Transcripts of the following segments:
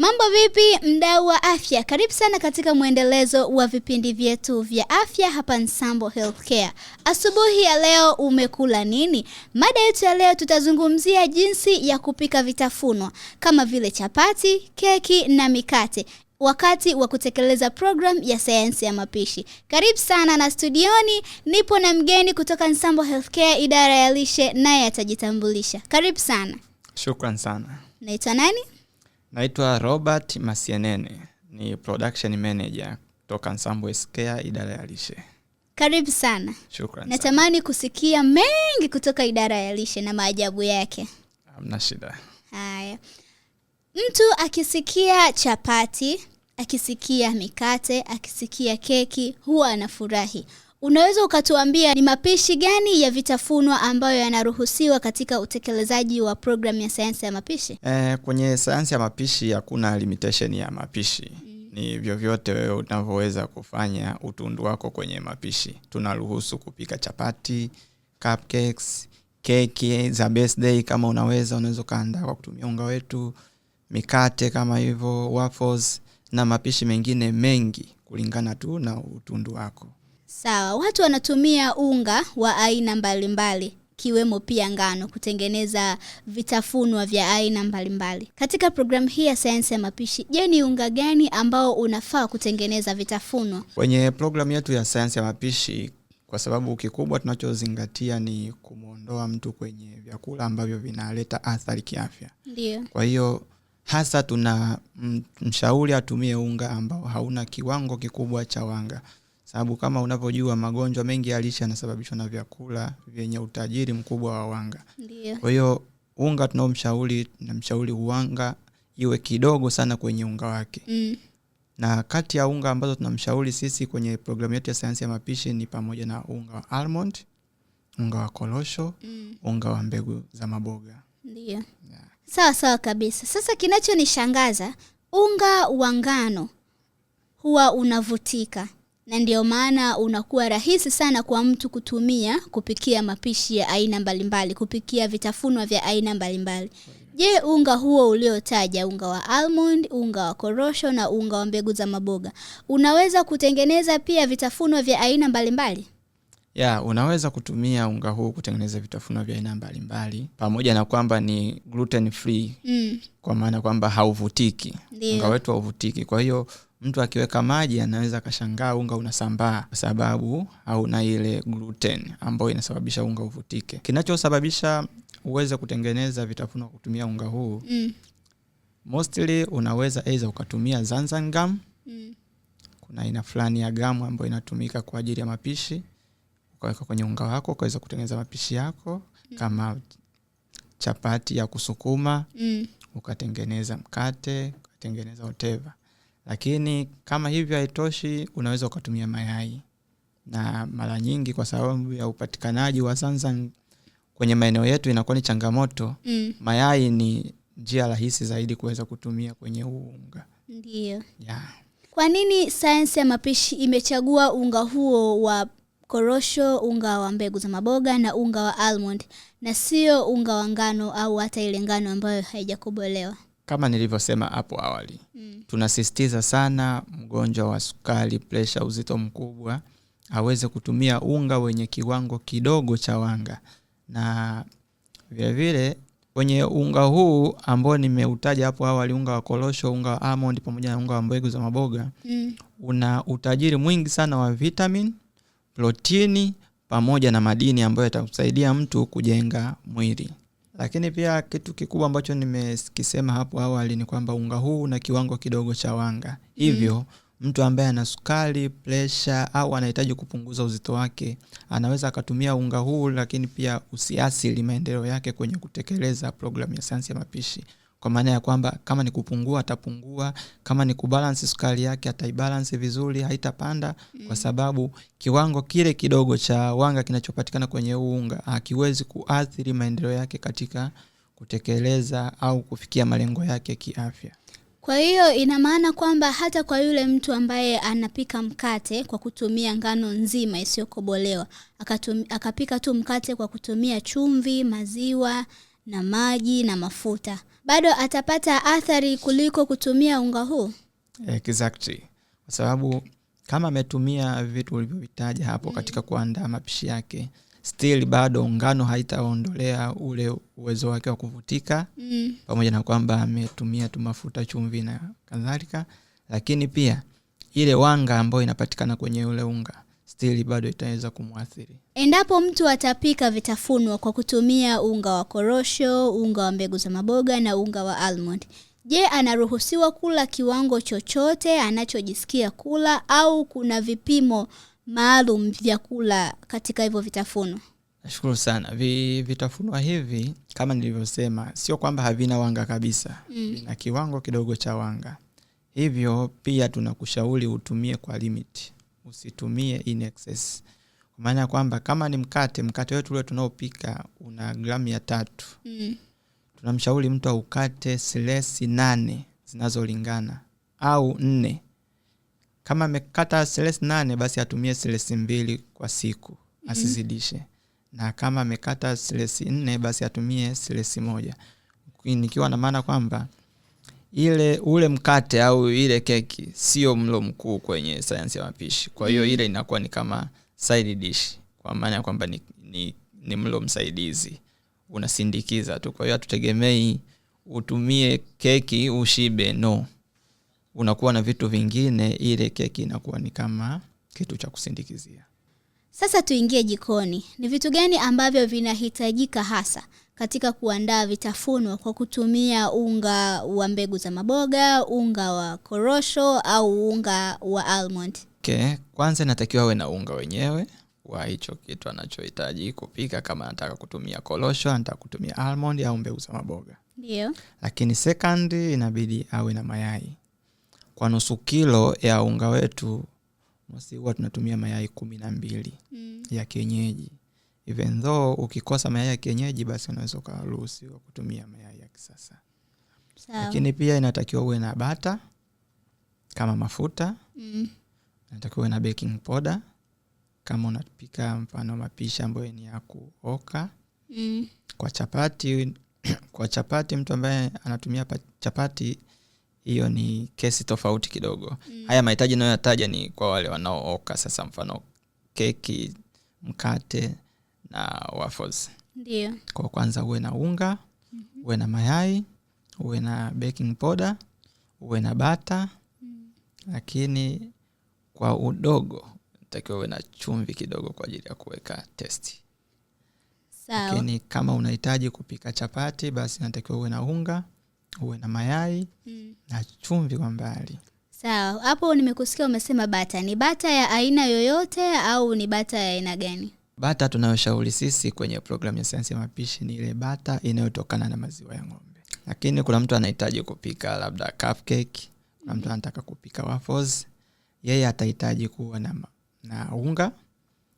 Mambo vipi mdau wa afya? Karibu sana katika mwendelezo wa vipindi vyetu vya afya hapa Nsambo Healthcare. Asubuhi ya leo umekula nini? Mada yetu ya leo tutazungumzia jinsi ya kupika vitafunwa kama vile chapati, keki na mikate wakati wa kutekeleza program ya sayansi ya mapishi. Karibu sana na studioni, nipo na mgeni kutoka Nsambo Healthcare idara ya lishe, naye atajitambulisha. Karibu sana. Shukran sana. Naitwa nani? Naitwa Robert Masienene, ni production manager kutoka Nsambwe Scare, idara ya lishe. Karibu sana. Natamani kusikia mengi kutoka idara ya lishe na maajabu yake. Hamna shida. Haya, mtu akisikia chapati, akisikia mikate, akisikia keki huwa anafurahi. Unaweza ukatuambia ni mapishi gani ya vitafunwa ambayo yanaruhusiwa katika utekelezaji wa programu ya sayansi ya mapishi? Eh, kwenye sayansi ya mapishi hakuna limitation ya mapishi mm. Ni vyovyote wewe unavyoweza kufanya utundu wako kwenye mapishi. Tunaruhusu kupika chapati, cupcakes, keki za birthday. Kama unaweza unaweza ukaandaa kwa kutumia unga wetu, mikate kama hivyo, waffles na mapishi mengine mengi, kulingana tu na utundu wako sawa watu wanatumia unga wa aina mbalimbali ikiwemo pia ngano kutengeneza vitafunwa vya aina mbalimbali katika programu hii ya sayansi ya mapishi je ni unga gani ambao unafaa kutengeneza vitafunwa kwenye programu yetu ya sayansi ya mapishi kwa sababu kikubwa tunachozingatia ni kumwondoa mtu kwenye vyakula ambavyo vinaleta athari kiafya ndio kwa hiyo hasa tuna mshauri atumie unga ambao hauna kiwango kikubwa cha wanga sababu kama unavyojua magonjwa mengi yalisha yanasababishwa na vyakula vyenye utajiri mkubwa wa wanga. Kwa hiyo unga tunaomshauri, namshauri uwanga iwe kidogo sana kwenye unga wake mm. Na kati ya unga ambazo tunamshauri sisi kwenye programu yetu ya sayansi ya mapishi ni pamoja na unga wa almond, unga wa korosho mm. unga wa mbegu za maboga. Ndio, yeah. Sawa sawa kabisa. Sasa kinachonishangaza, unga wa ngano huwa unavutika na ndio maana unakuwa rahisi sana kwa mtu kutumia kupikia mapishi ya aina mbalimbali kupikia vitafunwa vya aina mbalimbali je unga huo uliotaja unga wa almond unga wa korosho na unga wa mbegu za maboga unaweza kutengeneza pia vitafunwa vya aina mbalimbali ya unaweza kutumia unga huu kutengeneza vitafunwa vya aina mbalimbali pamoja na kwamba ni gluten free mm. kwa maana kwamba hauvutiki Ndiyo. unga wetu hauvutiki kwa hiyo mtu akiweka maji anaweza akashangaa unga unasambaa kwa sababu hauna ile gluten ambayo inasababisha unga uvutike. Kinachosababisha uweze kutengeneza vitafunwa kwa kutumia unga huu mm. mostly unaweza aidha ukatumia Zanzan gum mm. kuna aina fulani ya gamu ambayo inatumika kwa ajili ya mapishi, ukaweka kwenye unga wako ukaweza kutengeneza mapishi yako mm. kama chapati ya kusukuma mm. ukatengeneza mkate ukatengeneza oteva lakini kama hivyo haitoshi, unaweza ukatumia mayai, na mara nyingi kwa sababu ya upatikanaji wa sansan kwenye maeneo yetu inakuwa ni changamoto mm. Mayai ni njia rahisi zaidi kuweza kutumia kwenye huu unga ndio, yeah. Kwa nini sayansi ya mapishi imechagua unga huo wa korosho, unga wa mbegu za maboga na unga wa almond na sio unga wa ngano au hata ile ngano ambayo haijakobolewa? kama nilivyosema hapo awali mm. tunasisitiza sana mgonjwa wa sukari, presha, uzito mkubwa aweze kutumia unga wenye kiwango kidogo cha wanga, na vilevile kwenye unga huu ambao nimeutaja hapo awali, unga wa korosho, unga wa almond pamoja na unga wa mbegu za maboga mm. una utajiri mwingi sana wa vitamin, protini pamoja na madini ambayo yatakusaidia mtu kujenga mwili. Lakini pia kitu kikubwa ambacho nimekisema hapo awali ni kwamba unga huu una kiwango kidogo cha wanga, hivyo mm. Mtu ambaye ana sukari, presha au anahitaji kupunguza uzito wake anaweza akatumia unga huu, lakini pia usiasili maendeleo yake kwenye kutekeleza programu ya sayansi ya mapishi kwa maana ya kwamba kama ni kupungua atapungua, kama ni kubalansi sukari yake ataibalansi vizuri, haitapanda mm. kwa sababu kiwango kile kidogo cha wanga kinachopatikana kwenye unga hakiwezi kuathiri maendeleo yake katika kutekeleza au kufikia malengo yake kiafya. Kwa hiyo ina maana kwamba hata kwa yule mtu ambaye anapika mkate kwa kutumia ngano nzima isiyokobolewa, akapika tu mkate kwa kutumia chumvi, maziwa na maji na mafuta bado atapata athari kuliko kutumia unga huu exactly kwa sababu kama ametumia vitu ulivyovitaja hapo mm. katika kuandaa mapishi yake still bado ngano haitaondolea ule uwezo wake wa kuvutika mm. pamoja na kwamba ametumia tu mafuta chumvi na kadhalika lakini pia ile wanga ambayo inapatikana kwenye ule unga stili bado itaweza kumwathiri endapo mtu atapika vitafunwa kwa kutumia unga wa korosho unga wa mbegu za maboga na unga wa almond je anaruhusiwa kula kiwango chochote anachojisikia kula au kuna vipimo maalum vya kula katika hivyo vitafunwa nashukuru sana Vi, vitafunwa hivi kama nilivyosema sio kwamba havina wanga kabisa mm. vina kiwango kidogo cha wanga hivyo pia tunakushauri utumie kwa limiti usitumie in excess, kwa maana ya kwamba kama ni mkate, mkate wetu ule tunaopika una gramu ya tatu mm. tunamshauri mtu aukate silesi nane zinazolingana au nne. Kama amekata silesi nane, basi atumie silesi mbili kwa siku mm. asizidishe, na kama amekata silesi nne, basi atumie silesi moja, nikiwa na maana kwamba ile ule mkate au ile keki sio mlo mkuu kwenye sayansi ya mapishi, kwa hiyo mm. ile inakuwa ni kama side dish, kwa maana ya kwamba ni, ni, ni mlo msaidizi unasindikiza tu. Kwa hiyo hatutegemei utumie keki ushibe, no, unakuwa na vitu vingine, ile keki inakuwa ni kama kitu cha kusindikizia. Sasa tuingie jikoni, ni vitu gani ambavyo vinahitajika hasa katika kuandaa vitafunwa kwa kutumia unga wa mbegu za maboga, unga wa korosho au unga wa almond. Okay, kwanza inatakiwa awe na unga wenyewe wa hicho kitu anachohitaji kupika, kama anataka kutumia korosho, anataka kutumia almond au mbegu za maboga. Ndio. Lakini second, inabidi awe na mayai kwa nusu kilo ya unga wetu mosi huwa tunatumia mayai kumi na mbili mm. ya kienyeji even though ukikosa mayai ya kienyeji basi unaweza ukaruhusiwa kutumia mayai ya kisasa so. lakini pia inatakiwa uwe na bata kama mafuta mm. inatakiwa uwe na baking powder kama unapika mfano mapisha ambayo ni ya kuoka mm. kwa chapati kwa chapati mtu ambaye anatumia chapati hiyo ni kesi tofauti kidogo mm. haya mahitaji inayoyataja ni kwa wale wanaooka sasa mfano keki mkate na waffles ndio kwa kwanza uwe na unga mm-hmm. uwe na mayai uwe na baking powder uwe na bata mm. lakini kwa udogo takiwa uwe na chumvi kidogo kwa ajili ya kuweka testi lakini kama unahitaji kupika chapati basi natakiwa uwe na unga uwe na mayai mm. na chumvi kwa mbali sawa hapo nimekusikia umesema bata ni bata ya aina yoyote au ni bata ya aina gani bata tunayoshauri sisi kwenye programu ya sayansi ya mapishi ni ile bata inayotokana na maziwa ya ng'ombe lakini kuna mtu anahitaji kupika labda cupcake kuna mtu anataka kupika waffles yeye atahitaji kuwa na, na unga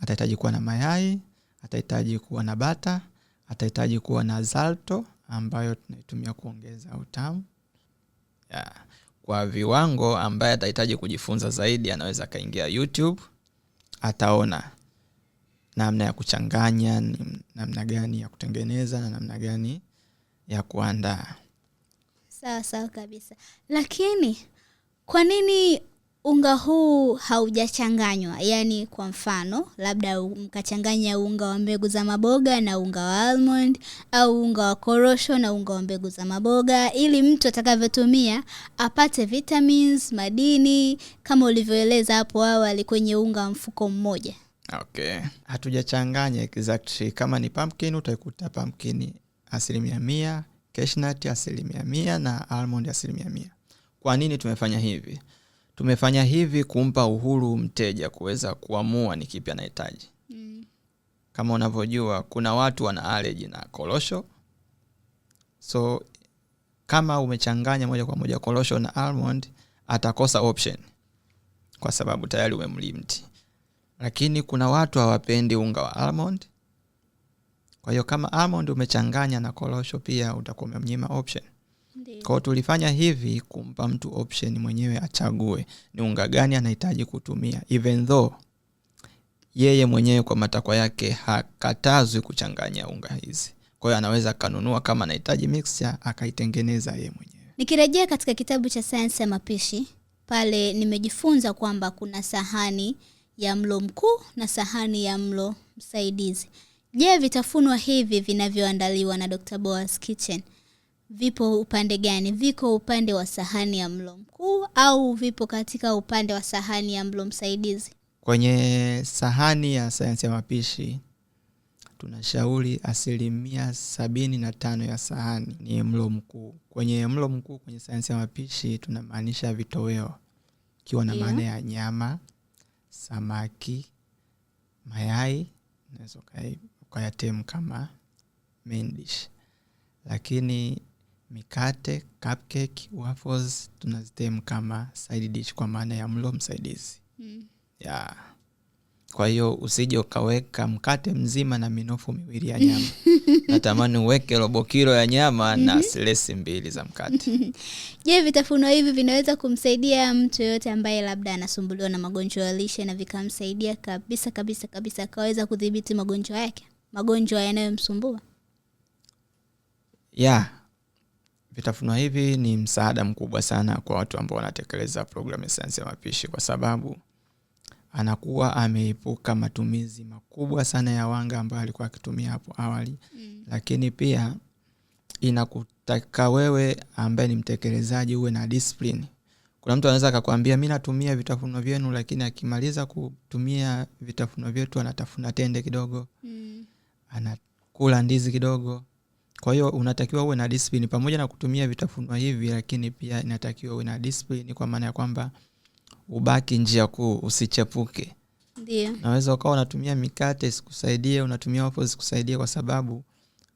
atahitaji kuwa na mayai atahitaji kuwa na bata atahitaji kuwa na zalto ambayo tunaitumia kuongeza utamu yeah. kwa viwango ambaye atahitaji kujifunza zaidi anaweza akaingia youtube ataona namna ya kuchanganya namna gani ya kutengeneza na namna gani ya kuandaa sawa sawa kabisa lakini kwa nini unga huu haujachanganywa yaani kwa mfano labda mkachanganya unga wa mbegu za maboga na unga wa almond au unga wa korosho na unga wa mbegu za maboga ili mtu atakavyotumia apate vitamins madini kama ulivyoeleza hapo awali kwenye unga wa mfuko mmoja Okay. Hatujachanganya exactly. Kama ni pumpkin utaikuta pumpkin asilimia mia, cashnut asilimia mia na almond asilimia mia. Kwa nini tumefanya hivi? Tumefanya hivi kumpa uhuru mteja kuweza kuamua ni kipi anahitaji. Mm. Kama unavyojua kuna watu wana allergy na korosho, so kama umechanganya moja kwa moja korosho na almond atakosa option kwa sababu tayari umemlimti lakini kuna watu hawapendi unga wa almond. Kwa hiyo kama almond umechanganya na korosho, pia utakuwa umemnyima option. Kwao tulifanya hivi kumpa mtu option mwenyewe achague ni unga gani anahitaji kutumia, even though yeye mwenyewe kwa matakwa yake hakatazwi kuchanganya unga hizi. Kwa hiyo anaweza akanunua kama anahitaji mixture akaitengeneza yeye mwenyewe. Nikirejea katika kitabu cha sayansi ya mapishi pale, nimejifunza kwamba kuna sahani ya mlo mkuu na sahani ya mlo msaidizi. Je, vitafunwa hivi vinavyoandaliwa na Dr. boas Kitchen vipo upande gani? Viko upande wa sahani ya mlo mkuu au vipo katika upande wa sahani ya mlo msaidizi? Kwenye sahani ya sayansi ya mapishi tunashauri asilimia sabini na tano ya sahani ni mlo mkuu. Kwenye mlo mkuu kwenye sayansi ya mapishi tunamaanisha vitoweo, ikiwa na maana ya nyama, samaki, mayai unaweza ukayatem kama main dish, lakini mikate, cupcake, waffles tunazitem kama side dish kwa maana ya mlo msaidizi mm. yeah. Kwa hiyo usije ukaweka mkate mzima na minofu miwili ya nyama. Natamani uweke robo kilo ya nyama na mhm. silesi mbili za mkate. Je, vitafunwa hivi vinaweza kumsaidia mtu yoyote ambaye labda anasumbuliwa na magonjwa ya lishe na vikamsaidia kabisa kabisa kabisa akaweza kudhibiti magonjwa yake, magonjwa yanayomsumbua? ya vitafunwa hivi ni msaada mkubwa sana kwa watu ambao wanatekeleza programu ya sayansi ya mapishi kwa sababu anakuwa ameepuka matumizi makubwa sana ya wanga ambayo alikuwa akitumia hapo awali mm. Lakini pia inakutaka wewe ambaye ni mtekelezaji uwe na discipline. Kuna mtu anaweza akakwambia mi natumia vitafuno vyenu, lakini akimaliza kutumia vitafuno vyetu anatafuna tende kidogo mm. anakula ndizi kidogo. Kwa hiyo unatakiwa uwe na discipline pamoja na kutumia vitafunwa hivi, lakini pia inatakiwa uwe na discipline kwa maana ya kwamba ubaki njia kuu, usichepuke. Ndio. Naweza ukawa unatumia mikate sikusaidie unatumia wapo zisikusaidie, kwa sababu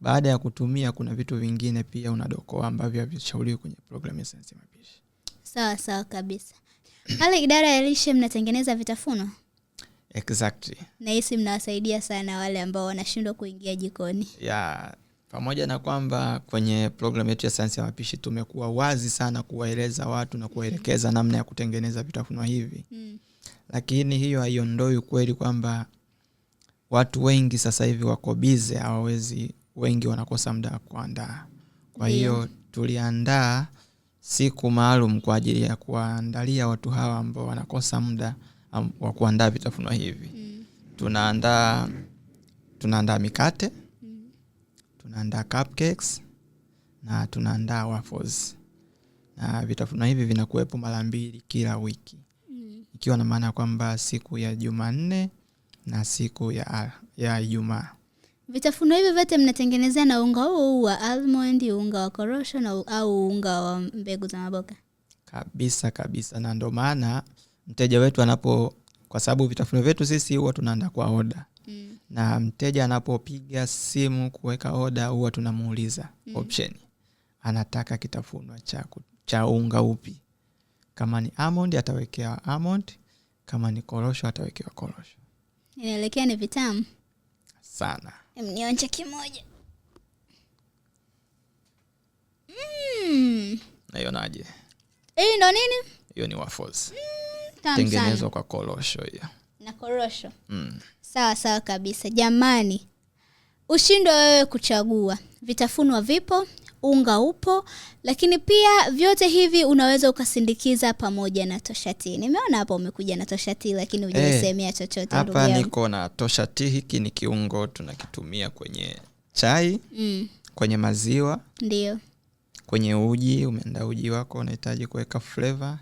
baada ya kutumia kuna vitu vingine pia unadokoa ambavyo havishauriwi kwenye programu ya sayansi ya mapishi. Sawa sawa kabisa. Pale idara ya lishe mnatengeneza vitafuno? Exactly. Nahisi mnawasaidia sana wale ambao wanashindwa kuingia jikoni. Yeah. Pamoja na kwamba kwenye programu yetu ya sayansi ya mapishi tumekuwa wazi sana kuwaeleza watu na kuwaelekeza namna ya kutengeneza vitafunwa hivi mm. Lakini hiyo haiondoi ukweli kwamba watu wengi sasa hivi wako bize, hawawezi, wengi wanakosa muda wa kuandaa. Kwa hiyo yeah. Tuliandaa siku maalum kwa ajili ya kuwaandalia watu hawa ambao wanakosa muda wa kuandaa vitafunwa hivi mm. Tunaandaa tunaandaa mikate tunaandaa cupcakes na tunaandaa waffles na vitafunwa hivi vinakuwepo mara mbili kila wiki mm. ikiwa na maana kwamba siku ya Jumanne na siku ya ya Ijumaa. Vitafunwa hivi vyote mnatengenezea na unga huu wa almond, unga wa korosho na au unga wa mbegu za maboga? Kabisa kabisa, na ndio maana mteja wetu anapo kwa sababu vitafunio vyetu sisi huwa tunaenda kwa oda mm. na mteja anapopiga simu kuweka oda huwa tunamuuliza mm. option anataka kitafunwa cha, cha unga upi kama ni almond atawekewa almond kama ni korosho atawekewa korosho inaelekea ni vitamu sana mnionje kimoja mm. naionaje hii ndo nini hiyo ni waffles mm tengenezwa kwa korosho hiyo na korosho mm. sawa sawa kabisa jamani ushindo wewe kuchagua vitafunwa vipo unga upo lakini pia vyote hivi unaweza ukasindikiza pamoja na toshati nimeona hapa umekuja na toshati lakini hujanisemea hey, eh, chochote hapa niko na toshati hiki ni kiungo tunakitumia kwenye chai mm. kwenye maziwa ndio kwenye uji umeenda uji wako unahitaji kuweka flavor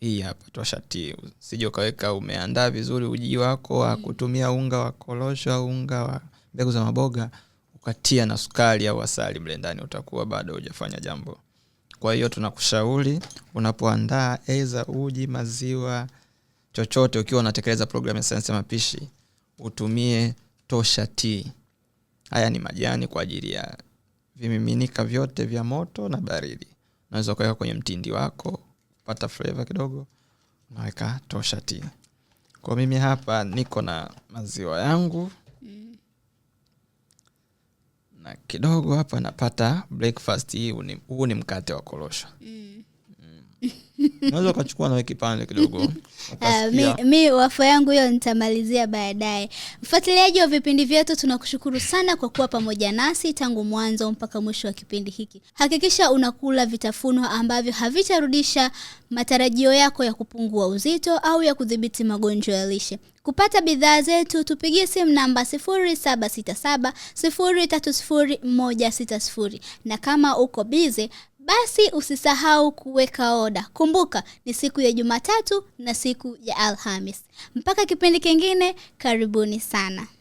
hii hapa twashati sija ukaweka umeandaa vizuri uji wako wa mm. kutumia unga wa korosho au unga wa mbegu za maboga ukatia na sukari au asali mle ndani utakuwa bado hujafanya jambo kwa hiyo tunakushauri unapoandaa eza uji maziwa chochote ukiwa unatekeleza programu ya sayansi ya mapishi utumie tosha t haya ni majani kwa ajili ya vimiminika vyote vya moto na baridi unaweza ukaweka kwenye mtindi wako kupata flavor kidogo unaweka tosha ti kwa mimi hapa niko na maziwa yangu mm. na kidogo hapa napata breakfast hii huu ni mkate wa korosho mm naweza ukachukua nawe kipande kidogo eh, mi, mi wafa yangu hiyo nitamalizia baadaye mfuatiliaji wa vipindi vyetu tunakushukuru sana kwa kuwa pamoja nasi tangu mwanzo mpaka mwisho wa kipindi hiki hakikisha unakula vitafunwa ambavyo havitarudisha matarajio yako ya kupungua uzito au ya kudhibiti magonjwa ya lishe kupata bidhaa zetu tupigie simu namba 767 3 na kama uko bize basi usisahau kuweka oda. Kumbuka ni siku ya Jumatatu na siku ya Alhamis. Mpaka kipindi kingine, karibuni sana.